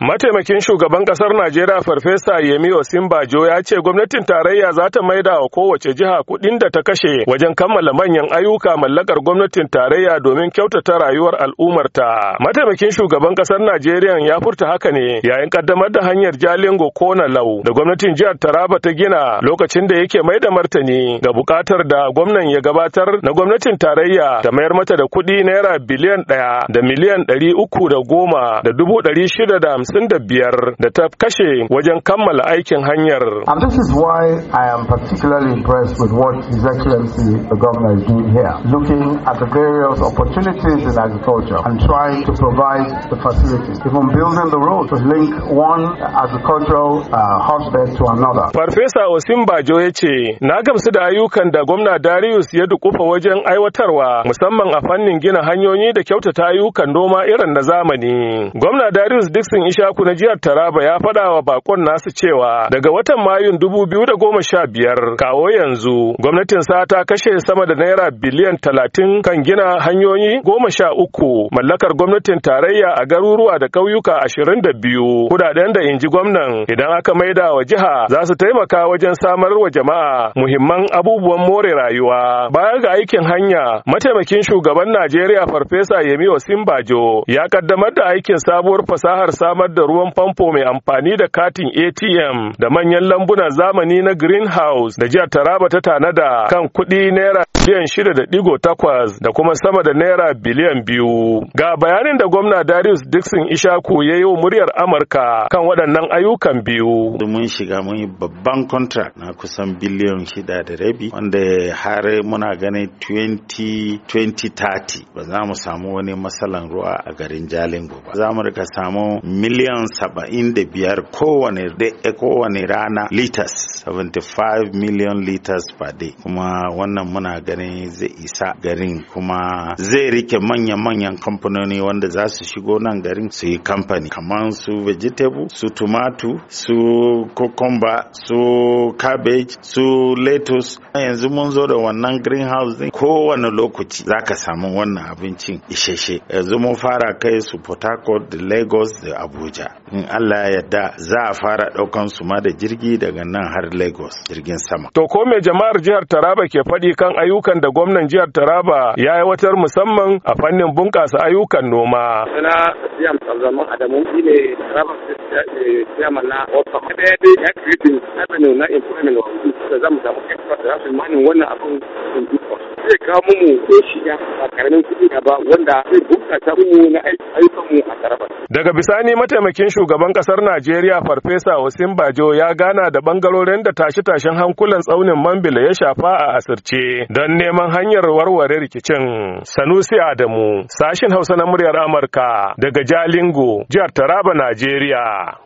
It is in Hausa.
Mataimakin shugaban kasar Najeriya Farfesa Yemi Osinbajo ya ce gwamnatin tarayya za ta maida wa kowace jiha kuɗin da ta kashe wajen kammala manyan ayyuka mallakar gwamnatin tarayya domin kyautata rayuwar al'ummarta. Mataimakin shugaban kasar Najeriya ya furta haka ne yayin kaddamar da hanyar Jalingo Kona Lau da gwamnatin jihar Taraba ta gina lokacin da yake mai da martani ga buƙatar da gwamnan ya gabatar na gwamnatin tarayya ta mayar mata da kuɗi naira biliyan ɗaya da miliyan ɗari uku da goma da dubu ɗari shida da hamsin da biyar da ta kashe wajen kammala aikin hanyar. And this is why I am particularly impressed with what His Excellency the Governor is doing here, looking at the various opportunities in agriculture and trying to provide the facilities, even building the road to link one agricultural uh, hotbed to another. Farfesa Osimbajo ya ce, na gamsu da ayyukan da gwamna Darius ya dukufa wajen aiwatarwa musamman a fannin gina hanyoyi da kyautata ayyukan noma irin na zamani. Gwamna Darius Dixon Ishaku na jihar Taraba ya faɗa wa bakon nasu cewa daga watan Mayun biyar, kawo yanzu gwamnatin sa ta kashe sama da naira biliyan talatin kan gina hanyoyi goma sha uku mallakar gwamnatin tarayya a garuruwa da ƙauyuka ashirin da biyu kudaden da inji gwamnan idan aka maida wa jiha za su taimaka wajen samar wa jama'a muhimman abubuwan more rayuwa baya ga aikin hanya mataimakin shugaban Najeriya farfesa Yemi Osinbajo ya kaddamar da aikin sabuwar fasahar samar samar da ruwan famfo mai amfani da katin ATM da manyan lambunan zamani na greenhouse da jihar Taraba ta tanada kan kuɗi naira biliyan shida da digo takwas da kuma sama da naira biliyan biyu. Ga bayanin da gwamna Darius Dixon Ishaku ya yi wa muryar Amurka kan waɗannan ayyukan biyu. Mun shiga mun yi babban contract na kusan biliyan shida da rabi wanda har muna ganin 2030 ba za mu samu wani matsalan ruwa a garin Jalingo ba. Za mu rika samu mil miliyan saba'in da biyar kowane eh, kowane rana liters 75 million liters per day kuma wannan muna ganin zai isa garin kuma zai rike manya-manyan kamfanoni wanda za su shigo nan garin su yi kamfani kamar su vegetable su tomato su cucumber su cabbage su lettuce yanzu mun zo da wannan greenhouse din kowane lokaci za ka samu wannan abincin isheshe yanzu mun fara kai su port harcourt da lagos da abuja abuja in allah ya yarda za a fara daukan su ma da jirgi daga nan har lagos jirgin sama to ko me jama'ar jihar taraba ke faɗi kan ayyukan da gwamnan jihar taraba ya aiwatar musamman a fannin bunƙasa ayyukan noma sana jam abdulrahman adamu shine taraba chairman na wafa ɗaya dai ya creating avenue na employment wa da zamu samu kai da manin wannan abin zai kawo mu ko shi ya karamin kuɗi ba wanda zai bunƙasa mu na ayyukan mu a Daga bisani mataimakin shugaban kasar Najeriya Farfesa Wasim Bajo ya gana da bangarorin da tashe-tashen hankulan tsaunin Mambila ya shafa a asirce don neman hanyar warware rikicin. Sanusi Adamu, sashin Hausa na muryar Amurka daga Jalingo, jihar Taraba, Najeriya.